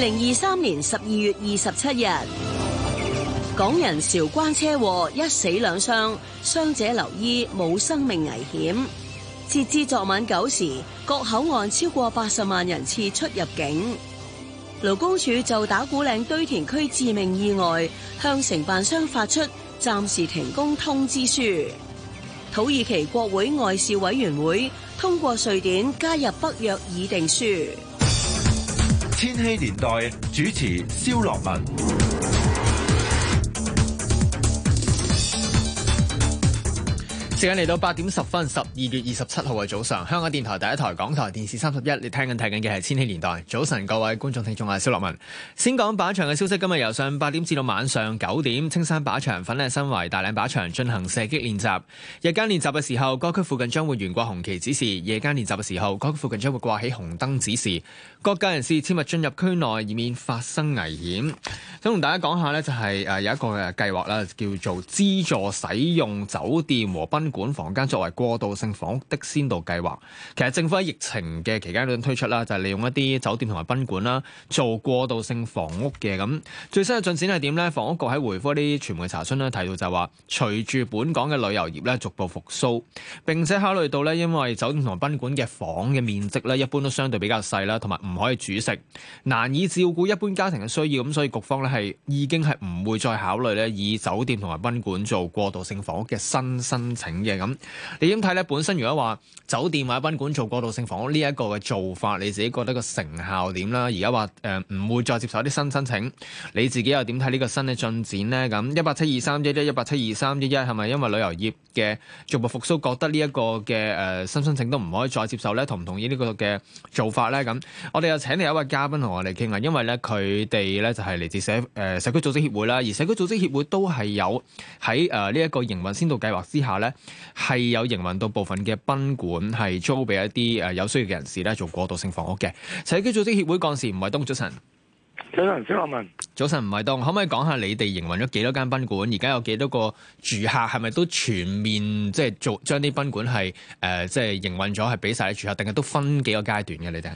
二零二三年十二月二十七日，港人韶關車禍一死兩傷，傷者留醫冇生命危險。截至昨晚九時，各口岸超過八十萬人次出入境。勞工處就打鼓嶺堆填區致命意外向承辦商發出暫時停工通知書。土耳其國會外事委員會通過瑞典加入北約議定書。千禧年代主持蕭樂文。時間嚟到八點十分，十二月二十七號嘅早上，香港電台第一台港台電視三十一，你聽緊睇緊嘅係《千禧年代》早晨，各位觀眾聽眾啊，蕭樂文先講靶場嘅消息，今日由上八點至到晚上九點，青山靶場粉嶺新圍大嶺靶場進行射擊練習。日間練習嘅時候，各區附近將會懸掛紅旗指示；夜間練習嘅時候，各區附近將會掛起紅燈指示。各界人士切勿進入區內，以免發生危險。想同大家講下呢，就係誒有一個嘅計劃啦，叫做資助使用酒店和賓。館房間作為過渡性房屋的先導計劃，其實政府喺疫情嘅期間都推出啦，就係利用一啲酒店同埋賓館啦，做過渡性房屋嘅咁。最新嘅進展係點呢？房屋局喺回復一啲傳媒查詢呢，提到就話，隨住本港嘅旅遊業咧逐步復甦，並且考慮到呢，因為酒店同埋賓館嘅房嘅面積咧，一般都相對比較細啦，同埋唔可以煮食，難以照顧一般家庭嘅需要，咁所以局方咧係已經係唔會再考慮咧，以酒店同埋賓館做過渡性房屋嘅新申請。嘅咁，你點睇咧？本身如果話酒店或者賓館做過渡性房屋呢一個嘅做法，你自己覺得個成效點啦？而家話誒唔會再接受啲新申請，你自己又點睇呢個新嘅進展呢？咁一八七二三一一一八七二三一一係咪因為旅遊業嘅逐步復甦，覺得呢一個嘅誒新申請都唔可以再接受咧？同唔同意呢個嘅做法咧？咁我哋又請嚟一位嘉賓同我哋傾啊，因為咧佢哋咧就係、是、嚟自社誒、呃、社區組織協會啦，而社區組織協會都係有喺誒呢一個營運先導計劃之下咧。係有營運到部分嘅賓館，係租俾一啲誒有需要嘅人士咧做過渡性房屋嘅。社區組織協會幹事吳衛東早晨，早晨，早晨小羅文，早晨吳衛東，可唔可以講下你哋營運咗幾多間賓館？而家有幾多個住客？係咪都全面即係做將啲賓館係誒即係營運咗，係俾晒啲住客？定係都分幾個階段嘅？你哋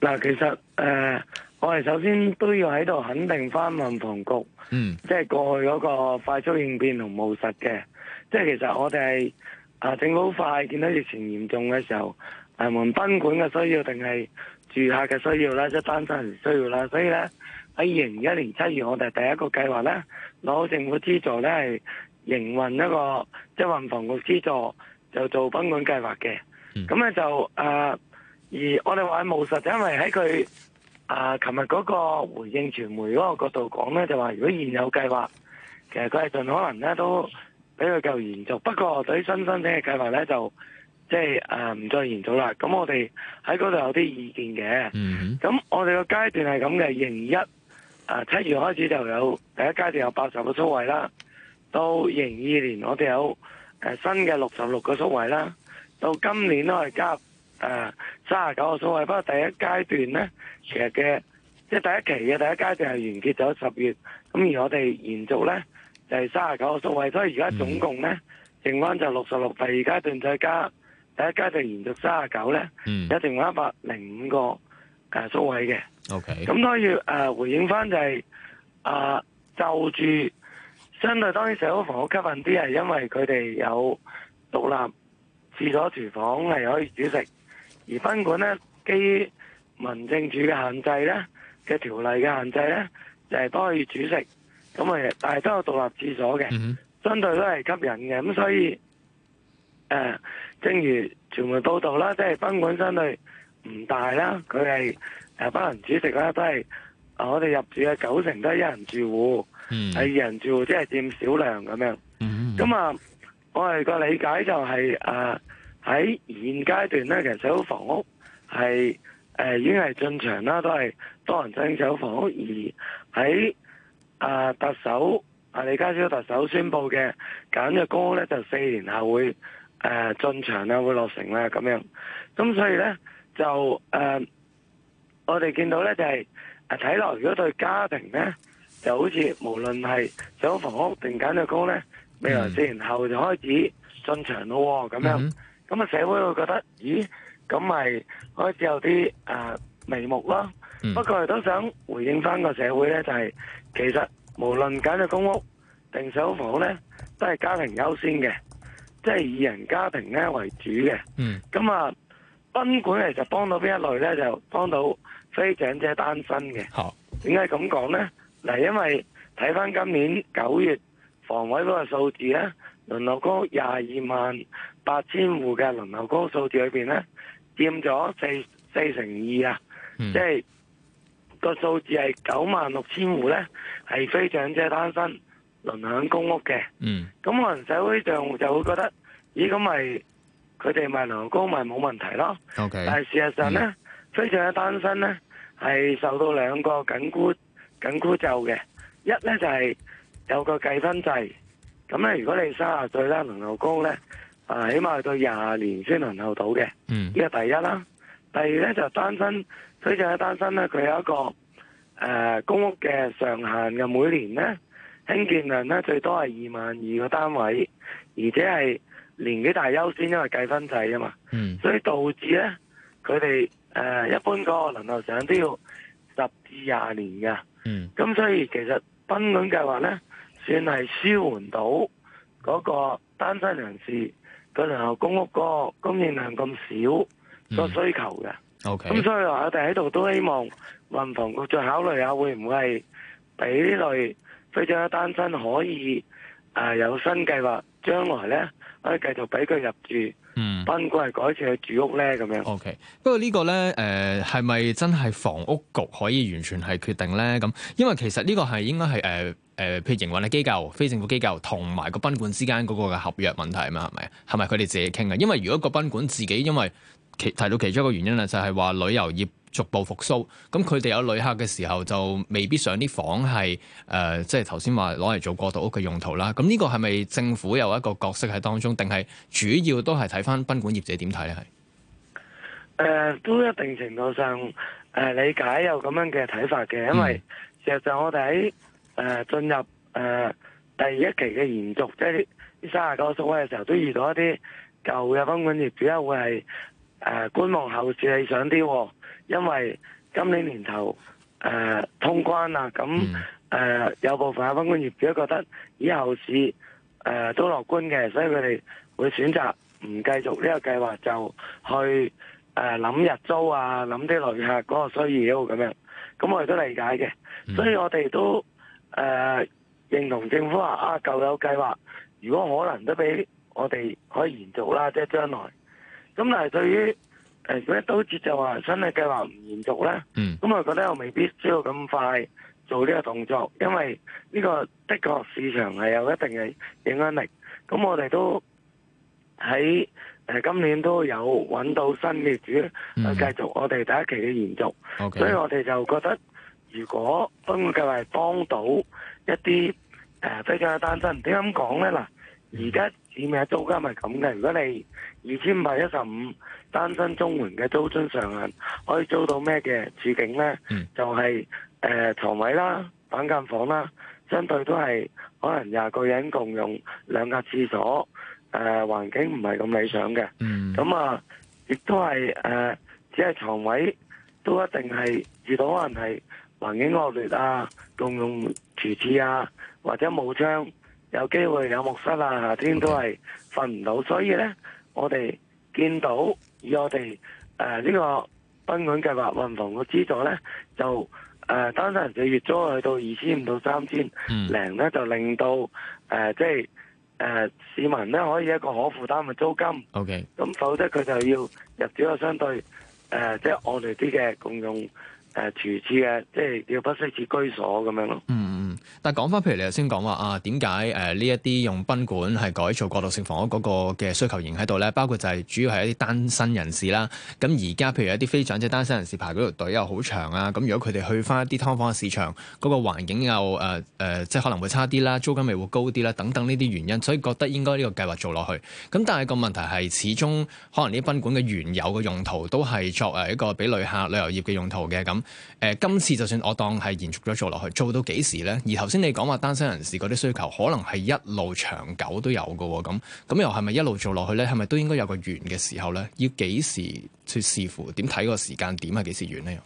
嗱，其實誒、呃，我哋首先都要喺度肯定翻房屋局，嗯，即係過去嗰個快速應變同務實嘅。即係其實我哋係、啊、政府好快見到疫情嚴重嘅時候，誒、呃、門賓館嘅需要定係住客嘅需要啦，即係單身係需要啦。所以咧喺二零二一年七月，我哋第一個計劃咧攞政府資助咧係營運一個，即、就、係、是、運房局資助就做賓館計劃嘅。咁、嗯、咧就誒、呃，而我哋話務實，就因為喺佢啊琴日嗰個回應傳媒嗰個角度講咧，就話如果現有計劃，其實佢係盡可能咧都。俾佢繼續延續，不過對於新申請嘅計劃咧，就即係唔再延續啦。咁我哋喺嗰度有啲意見嘅。咁、mm-hmm. 我哋個階段係咁嘅，零一誒七月開始就有第一階段有八十個宿位啦。到零二年我哋有、呃、新嘅六十六個宿位啦。到今年都係加誒三十九個宿位，不過第一階段咧其實嘅即係第一期嘅第一階段係完結咗十月，咁而我哋延續咧。就係三十九個數位，所以而家總共咧剩翻就六十六，第二階段再加第一階段延續三十九咧，一剩共一百零五個誒數位嘅。O K. 咁當然，誒、呃、回應翻就係、是、啊、呃，就住相對當然社會房屋吸引啲係因為佢哋有獨立廁所、廚房係可以煮食，而賓館咧基於民政處嘅限制咧嘅條例嘅限制咧，就係多可以煮食。咁啊，但係都有獨立廁所嘅，mm-hmm. 相對都係吸引嘅。咁所以，誒、呃，正如傳媒報道啦，即係賓館相對唔大啦。佢係誒單人煮食啦，都係我哋入住嘅九成都係一人住戶，係、mm-hmm. 二人住戶即係佔少量咁樣。咁、mm-hmm. 啊、呃，我哋個理解就係誒喺現階段咧，其實小房屋係誒已經係進場啦，都係多人爭小房屋，而喺。啊！特首啊，李家超特首宣布嘅簡約公屋咧，就四年後會誒進場啦，會落成啦咁樣。咁所以咧就誒，我哋見到咧就係睇落如果對家庭咧，就好似無論係想房屋定簡約公屋咧，未來四年後就開始進場咯咁樣。咁啊，社會會覺得咦？咁咪開始有啲誒眉目咯。不過都想回應翻個社會咧，就係。其實無論揀嘅公屋定首房咧，都係家庭優先嘅，即係以人家庭咧為主嘅。嗯。咁啊，賓館其實幫到邊一類咧，就幫到非長者單身嘅。哦。點解咁講咧？嗱，因為睇翻今年九月房委嗰個數字咧，輪候公屋廿二萬八千戶嘅輪候公屋數字裏邊咧，佔咗四四成二啊，即係。個數字係九萬六千戶咧，係非長者單身輪享公屋嘅。嗯，咁可能社會上就會覺得，咦咁咪佢哋咪輪候公咪冇問題咯。O K，但係事實上咧，非長者單身咧，係受到兩個緊箍緊箍咒嘅。一咧就係有個計分制，咁咧如果你三十歲啦輪候公咧，啊起碼要到廿年先輪候到嘅。嗯，呢個第一啦。第二咧就單身。所以就係單身咧，佢有一個誒、呃、公屋嘅上限嘅，每年咧興建量咧最多係二萬二個單位，而且係年紀大優先，因為計分制啊嘛。嗯。所以導致咧，佢哋誒一般個輪候上都要十至廿年嘅。嗯。咁所以其實賓館計劃咧，算係舒緩到嗰個單身人士個輪候公屋個供應量咁少個需求嘅。嗯。O K，咁所以話我哋喺度都希望運房局再考慮下，會唔會係俾嚟非洲嘅單身可以誒有新計劃，將來咧可以繼續俾佢入住，賓館係改設去住屋咧咁樣。O、okay, K，不過這個呢個咧誒係咪真係房屋局可以完全係決定咧？咁因為其實呢個係應該係誒誒，譬如營運嘅機構、非政府機構同埋個賓館之間嗰個嘅合約問題啊嘛，係咪啊？係咪佢哋自己傾啊？因為如果個賓館自己因為。提到其中一個原因咧，就係話旅遊業逐步復甦，咁佢哋有旅客嘅時候，就未必上啲房係誒，即係頭先話攞嚟做過渡屋嘅用途啦。咁呢個係咪政府有一個角色喺當中，定係主要都係睇翻賓館業者點睇咧？係誒，都一定程度上誒理解有咁樣嘅睇法嘅，因為事實上我哋喺誒進入誒第一期嘅延續，即係啲三十九數位嘅時候，都遇到一啲舊嘅賓館業主會係。誒、呃、觀望後市理想啲，因為今年年頭誒、呃、通關啊，咁誒、嗯呃、有部分嘅賓館業者覺得以後市誒、呃、都樂觀嘅，所以佢哋會選擇唔繼續呢個計劃，就去誒諗、呃、日租啊，諗啲旅客嗰個需要咁樣。咁我哋都理解嘅，所以我哋都誒、呃、認同政府話啊舊有計劃，如果可能都俾我哋可以延續啦，即係將來。咁但係，對於誒，一刀切就話新嘅計劃唔延續咧，咁我覺得我未必需要咁快做呢個動作，因為呢個的確市場係有一定嘅影響力。咁我哋都喺誒今年都有揾到新嘅主，繼續我哋第一期嘅延續。所以我哋就覺得，如果分計劃幫到一啲誒非長者單身，點解咁講咧？嗱，而家。意味租金咪咁嘅？如果你二千五百一十五，單身中門嘅租金上限可以租到咩嘅處境呢？Mm. 就係、是、誒、呃、床位啦，板間房啦，相對都係可能廿個人共用兩間廁所，誒、呃、環境唔係咁理想嘅。咁、mm. 啊，亦都係誒，只、呃、係、就是、床位都一定係遇到可能係環境惡劣啊，共用廚廁啊，或者冇窗。有機會有木蝨啦，夏天都係瞓唔到，所以咧，我哋見到以我哋誒呢個賓館計劃運房嘅資助咧，就誒單身人嘅月租去到二千五到三千零咧，就令到誒即係誒市民咧可以一個可負擔嘅租金。O K. 咁否則佢就要入住一個相對誒即係惡劣啲嘅共用誒廚廁嘅，即係要不適切居所咁樣咯。嗯。但講翻，譬如你頭先講話啊，點解呢一啲用賓館係改造過渡性房屋嗰個嘅需求型喺度咧？包括就係主要係一啲單身人士啦。咁而家譬如一啲非長者單身人士排嗰條隊又好長啊。咁如果佢哋去翻一啲劏房嘅市場，嗰、那個環境又、呃呃、即係可能會差啲啦，租金咪會高啲啦，等等呢啲原因，所以覺得應該呢個計劃做落去。咁但係個問題係，始終可能呢啲賓館嘅原有嘅用途都係作為一個俾旅客旅遊業嘅用途嘅。咁、呃、今次就算我當係延續咗做落去，做到幾時咧？而頭先你講話單身人士嗰啲需求，可能係一路長久都有㗎喎，咁咁又係咪一路做落去咧？係咪都應該有個完嘅時候咧？要幾時去視乎點睇個個時間點係幾時完咧？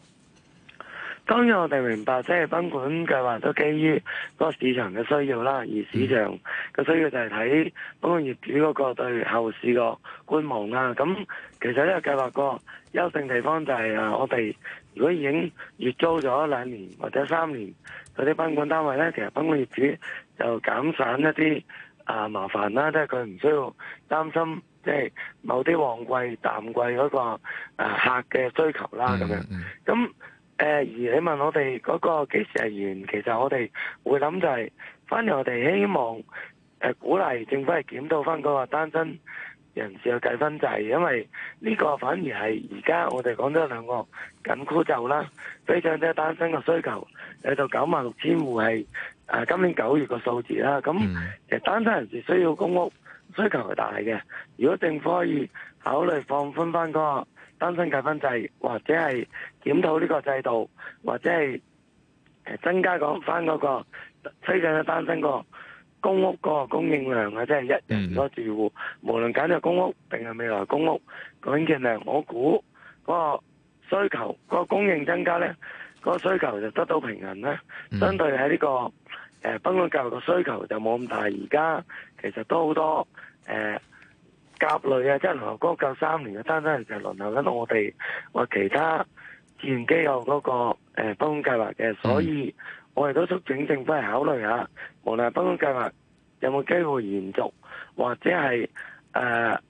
當然我哋明白，即係賓館計劃都基於個市場嘅需要啦。而市場嘅需要就係睇賓館業主嗰個對後市個觀望啦。咁其實呢個計劃個優勝地方就係啊，我哋如果已經月租咗兩年或者三年嗰啲賓館單位呢，其實賓館業主就減省一啲啊麻煩啦，即係佢唔需要擔心即係某啲旺季淡季嗰個啊客嘅需求啦咁樣。咁、yeah, yeah. 誒而你問我哋嗰個機事人員，其實我哋會諗就係，反而我哋希望誒鼓勵政府係檢討翻個單身人士嘅計分制，因為呢個反而係而家我哋講咗兩個緊箍咒啦，非常之單身嘅需求，去到九萬六千戶係誒今年九月個數字啦。咁其實單身人士需要公屋需求係大嘅，如果政府可以考慮放寬翻個。單身計分制，或者係檢討呢個制度，或者係增加講、那、翻個，推近嘅單身、那個公屋個供應量啊，即、就、係、是、一人多住戶，嗯、無論揀咗公屋定係未來公屋供應量，我估嗰、那個需求，嗰、那個供應增加咧，嗰、那個需求就得到平衡咧、嗯。相對喺呢、這個誒，賓、呃、館教育嘅需求就冇咁大，而家其實都好多誒。呃甲類啊，即係輪流嗰個三年嘅單身人士輪候緊我哋或其他自然機構嗰、那個誒撥款計劃嘅，所以我哋都促請政府嚟考慮下，無論撥款計劃有冇機會延續，或者係誒、呃、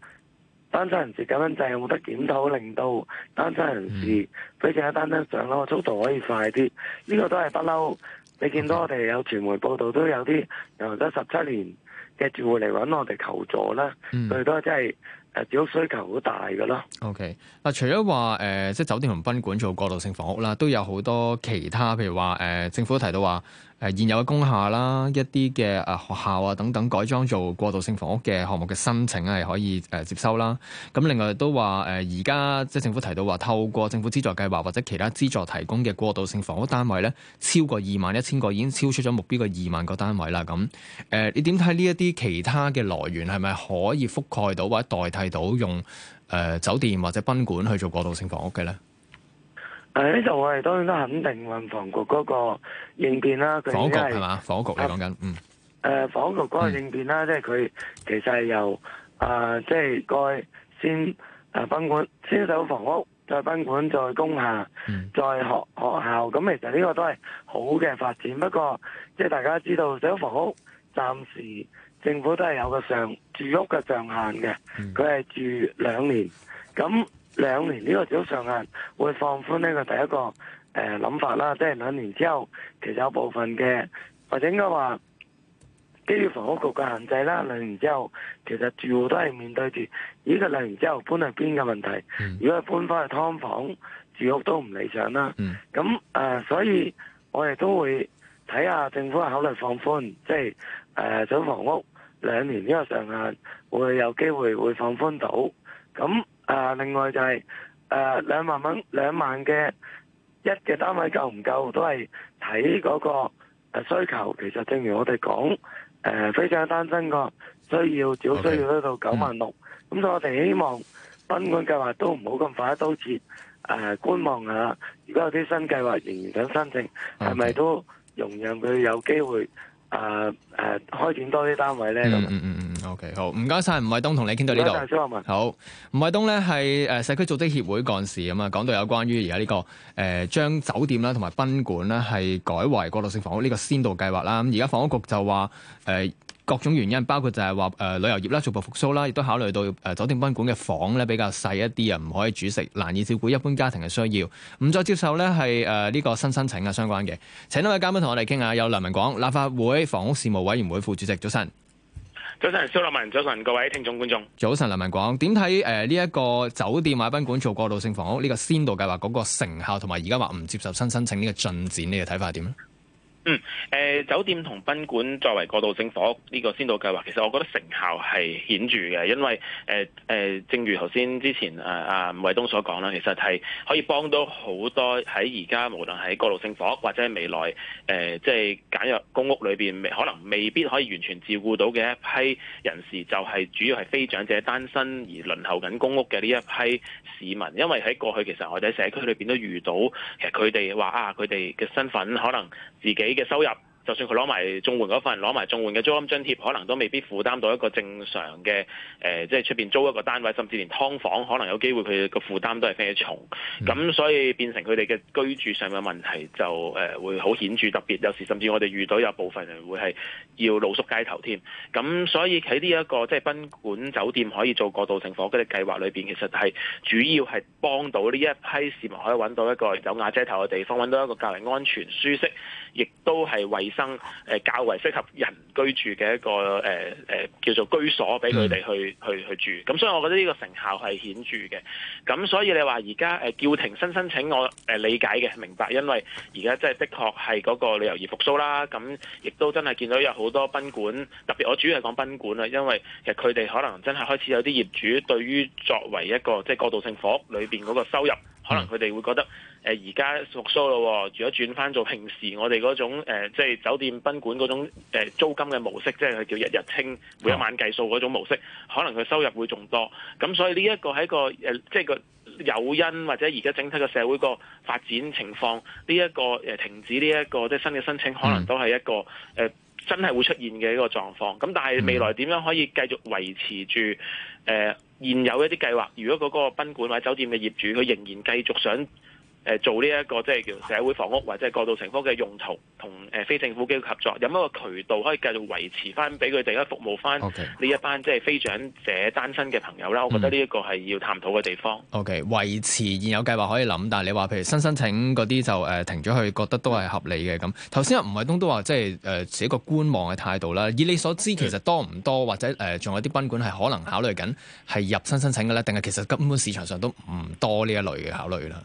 單身人士減薪制有冇得檢討，令到單身人士可以喺單身上樓，速度可以快啲。呢、這個都係不嬲，你見到我哋有傳媒報道都有啲由得十七年。嘅住戶嚟揾我哋求助啦，最多即係誒，住屋需求好大嘅咯。OK，嗱，除咗話誒，即係酒店同賓館做過渡性房屋啦，都有好多其他，譬如話誒，呃，政府都提到話。誒現有嘅工廈啦，一啲嘅誒學校啊等等改裝做過渡性房屋嘅項目嘅申請咧係可以誒接收啦。咁另外都話誒而家即係政府提到話透過政府資助計劃或者其他資助提供嘅過渡性房屋單位咧，超過二萬一千個已經超出咗目標嘅二萬個單位啦。咁誒你點睇呢一啲其他嘅來源係咪可以覆蓋到或者代替到用誒酒店或者賓館去做過渡性房屋嘅咧？誒、啊，呢度我哋當然都肯定運房局嗰個應變啦。佢而家係嘛？房局你講緊，嗯。誒、啊，房局嗰個應變啦，嗯、即係佢其實係由誒，即係該先誒賓館，先手房屋，再賓館，再工廈、嗯，再學學校。咁其實呢個都係好嘅發展。不過即係大家知道，手房屋暫時政府都係有個上住屋嘅上限嘅，佢、嗯、係住兩年咁。兩年呢個早上限會放寬呢個第一個誒諗、呃、法啦，即係兩年之後，其實有部分嘅，或者應該話基於房屋局嘅限制啦，兩年之後其實住戶都係面對住呢、這個兩年之後搬去邊嘅問題。嗯、如果係搬翻去劏房，住屋都唔理想啦。咁、嗯、誒、呃，所以我哋都會睇下政府嘅考慮放寬，即係誒，準、呃、房屋兩年呢個上限會有機會會放寬到咁。啊！另外就係誒兩萬蚊、兩萬嘅一嘅單位夠唔夠？都係睇嗰個誒需求。其實正如我哋講，誒非常單身個需要，只需要都到九萬六。咁所以我哋希望賓館計劃都唔好咁快一刀切。誒觀望下，如果有啲新計劃仍然想申請，係咪都容讓佢有機會？誒誒，開展多啲單位咧。咁，嗯嗯嗯 O K，好，唔該晒。吳衛東，同你傾到呢度。好，吳衛東咧係誒社區組織協會幹事。咁啊，講到有關於而家呢個誒、呃、將酒店啦同埋賓館啦係改為過渡性房屋呢個先導計劃啦。咁而家房屋局就話誒。呃各種原因，包括就係話誒旅遊業啦，逐步復甦啦，亦都考慮到誒、呃、酒店賓館嘅房咧比較細一啲啊，唔可以煮食，難以照顧一般家庭嘅需要，唔再接受咧係誒呢、呃呢個新申請嘅、啊、相關嘅。請多位嘉賓同我哋傾下，有梁文廣，立法會房屋事務委員會副主席，早晨。早晨，蕭立文，早晨，各位聽眾觀眾。早晨，梁文廣，點睇誒呢一個酒店或賓館做過渡性房屋呢、呢個先導計劃嗰個成效，同埋而家話唔接受新申請呢個進展，你嘅睇法點呢？嗯，誒、呃、酒店同賓館作為過渡性房屋呢個先導計劃，其實我覺得成效係顯著嘅，因為誒、呃呃、正如頭先之前誒阿吳衛東所講啦，其實係可以幫到好多喺而家無論喺過渡性房屋或者係未來誒，即、呃、係、就是、簡約公屋裏面，未可能未必可以完全照顧到嘅一批人士，就係、是、主要係非長者單身而輪候緊公屋嘅呢一批市民，因為喺過去其實我哋喺社區裏面都遇到，其實佢哋話啊，佢哋嘅身份可能。自己嘅收入。就算佢攞埋綜援嗰份，攞埋綜援嘅租金津貼可能都未必負擔到一個正常嘅誒、呃、即係出邊租一個單位，甚至連劏房可能有機會佢個負擔都係非常重。咁、嗯、所以變成佢哋嘅居住上嘅問題就誒、呃、會好顯著特，特別有時甚至我哋遇到有部分人會係要露宿街頭添。咁所以喺呢一個即係賓館酒店可以做過渡性房屋嘅計劃裏邊其實係主要係幫到呢一批市民可以揾到一個有瓦遮頭嘅地方，揾到一個較為安全、舒適亦都係為生誒較為適合人居住嘅一個誒誒、呃呃、叫做居所俾佢哋去去去住，咁所以我覺得呢個成效係顯著嘅。咁所以你話而家誒叫停新申請，我誒、呃、理解嘅，明白，因為而家即係的確係嗰個旅遊業復甦啦。咁亦都真係見到有好多賓館，特別我主要係講賓館啊，因為其實佢哋可能真係開始有啲業主對於作為一個即係過渡性房屋裏邊嗰個收入。可能佢哋會覺得，誒而家復甦咯，如果轉翻做平時我哋嗰種、呃、即係酒店賓館嗰種、呃、租金嘅模式，即係佢叫日日清，每一晚計數嗰種模式，哦、可能佢收入會仲多。咁所以呢一個係一個誒，即係個誘因或者而家整體個社會個發展情況，呢、這、一個、呃、停止呢、這、一個即係新嘅申請，可能都係一個誒、呃、真係會出現嘅一個狀況。咁但係未來點樣可以繼續維持住誒？呃現有一啲計劃，如果嗰個賓館或者酒店嘅業主，佢仍然繼續想，誒做呢一個即係叫社會房屋或者過渡性屋嘅用途，同誒非政府機構合作，有一個渠道可以繼續維持翻，俾佢哋而家服務翻呢一班即係非長者單身嘅朋友啦？我覺得呢一個係要探討嘅地方。OK，維持現有計劃可以諗，但係你話譬如新申請嗰啲就誒停咗去，覺得都係合理嘅咁。頭先阿吳衛東都話即係誒自己個觀望嘅態度啦。以你所知，其實多唔多或者誒仲、呃、有啲賓館係可能考慮緊係入新申請嘅咧？定係其實根本市場上都唔多呢一類嘅考慮啦？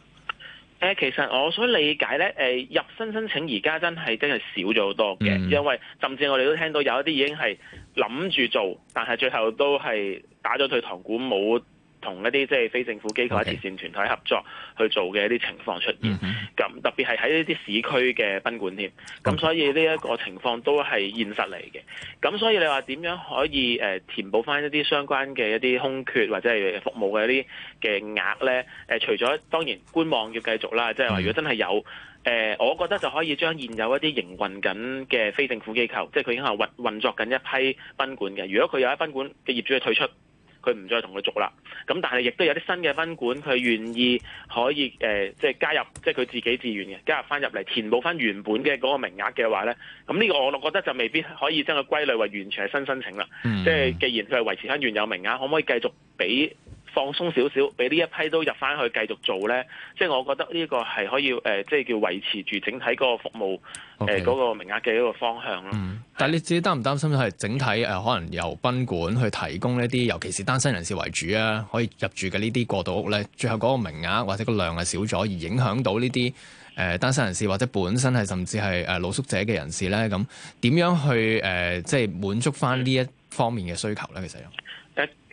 誒，其實我所理解咧，誒入新申請而家真係真係少咗好多嘅，因為甚至我哋都聽到有一啲已經係諗住做，但係最後都係打咗退堂鼓冇。同一啲即係非政府機構喺慈善團體合作去做嘅一啲情況出現，咁、okay. mm-hmm. 特別係喺呢啲市區嘅賓館添，咁所以呢一個情況都係現實嚟嘅。咁所以你話點樣可以、呃、填補翻一啲相關嘅一啲空缺或者係服務嘅一啲嘅額呢？呃、除咗當然觀望要繼續啦，即係話如果真係有誒、呃，我覺得就可以將現有一啲營運緊嘅非政府機構，即係佢已經係運運作緊一批賓館嘅。如果佢有一賓館嘅業主去退出。佢唔再同佢續啦，咁但係亦都有啲新嘅賓館，佢願意可以誒，即係加入，即係佢自己自願嘅加入翻入嚟，填補翻原本嘅嗰個名額嘅話咧，咁呢個我覺得就未必可以將佢歸類為完全係新申請啦。嗯，即係既然佢係維持翻原有名額，可唔可以繼續俾？放鬆少少，俾呢一批都入翻去繼續做呢。即、就、係、是、我覺得呢個係可以誒，即、呃、係、就是、叫維持住整體嗰個服務誒嗰、okay. 呃嗰個名額嘅一個方向咯、嗯。但係你自己擔唔擔心係整體誒、呃、可能由賓館去提供呢啲，尤其是單身人士為主啊，可以入住嘅呢啲過渡屋呢？最後嗰個名額或者個量係少咗，而影響到呢啲誒單身人士或者本身係甚至係誒露宿者嘅人士呢？咁點樣去誒、呃、即係滿足翻呢一方面嘅需求呢？其實？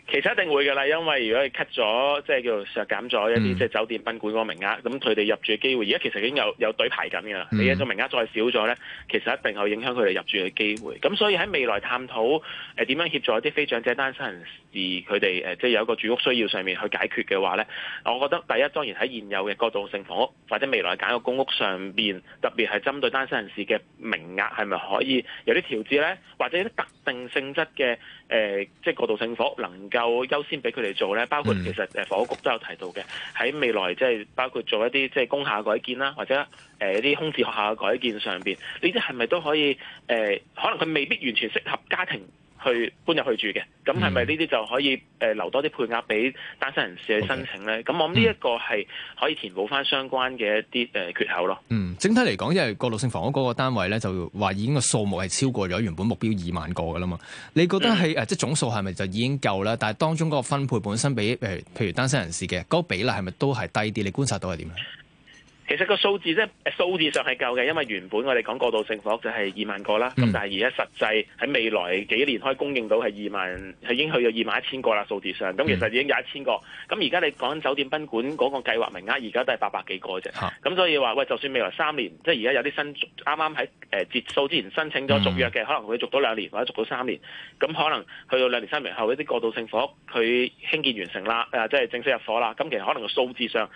其實一定會㗎啦，因為如果你 cut 咗，即係叫做削減咗一啲即係酒店賓館嗰個名額，咁佢哋入住嘅機會而家其實已經有有隊排緊㗎啦。你如果名額再少咗咧，其實一定係影響佢哋入住嘅機會。咁所以喺未來探討誒呃、點樣協助一啲非長者單身人士佢哋誒即係有一個住屋需要上面去解決嘅話咧，我覺得第一當然喺現有嘅過渡性房屋或者未來揀個公屋上邊，特別係針對單身人士嘅名額係咪可以有啲調節咧，或者啲特定性質嘅誒、呃、即係過渡性房屋能？有優先俾佢哋做咧，包括其實誒房屋局都有提到嘅，喺未來，即係包括做一啲即係工廈改建啦，或者誒一啲空置學校嘅改建上邊，呢啲係咪都可以誒、呃，可能佢未必完全適合家庭。去搬入去住嘅，咁係咪呢啲就可以留多啲配額俾單身人士去申請咧？咁、okay. 我諗呢一個係可以填補返相關嘅一啲缺口咯。嗯，整體嚟講，因為個過渡性房屋嗰個單位咧就話已經個數目係超過咗原本目標二萬個噶啦嘛。你覺得係、嗯啊、即係總數係咪就已經夠啦？但係當中嗰個分配本身比，譬如，如單身人士嘅嗰、那個比例係咪都係低啲？你觀察到係點樣？其實個數字即係數字上係夠嘅，因為原本我哋講過渡性房屋就係二萬個啦。咁、嗯、但係而家實際喺未來幾年可以供應到係二萬，係已經去到二萬一千個啦。數字上咁其實已經有一千個。咁而家你講酒店賓館嗰個計劃名額，而家都係八百幾個啫。咁、啊、所以話喂，就算未來三年，即係而家有啲新啱啱喺誒截數之前申請咗續約嘅、嗯，可能會續到兩年或者續到三年。咁可能去到兩年三年後一啲過渡性房屋佢興建完成啦、啊，即係正式入伙啦。咁其實可能個數字上。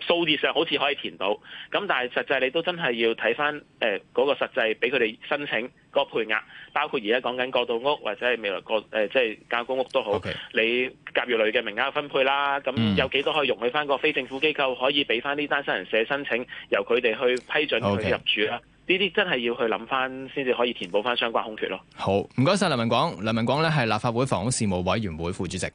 數字上好似可以填到，咁但係實際你都真係要睇翻嗰個實際俾佢哋申請個配額，包括而家講緊過渡屋或者未來個即係教公屋都好，okay。你甲乙類嘅名額分配啦，咁有幾多可以容許翻個非政府機構可以俾翻呢單身人士申請，由佢哋去批准佢入住啦。呢、okay。啲真係要去諗翻先至可以填補翻相關空缺咯。好，唔該晒。梁文廣，梁文廣咧係立法會房屋事務委員會副主席。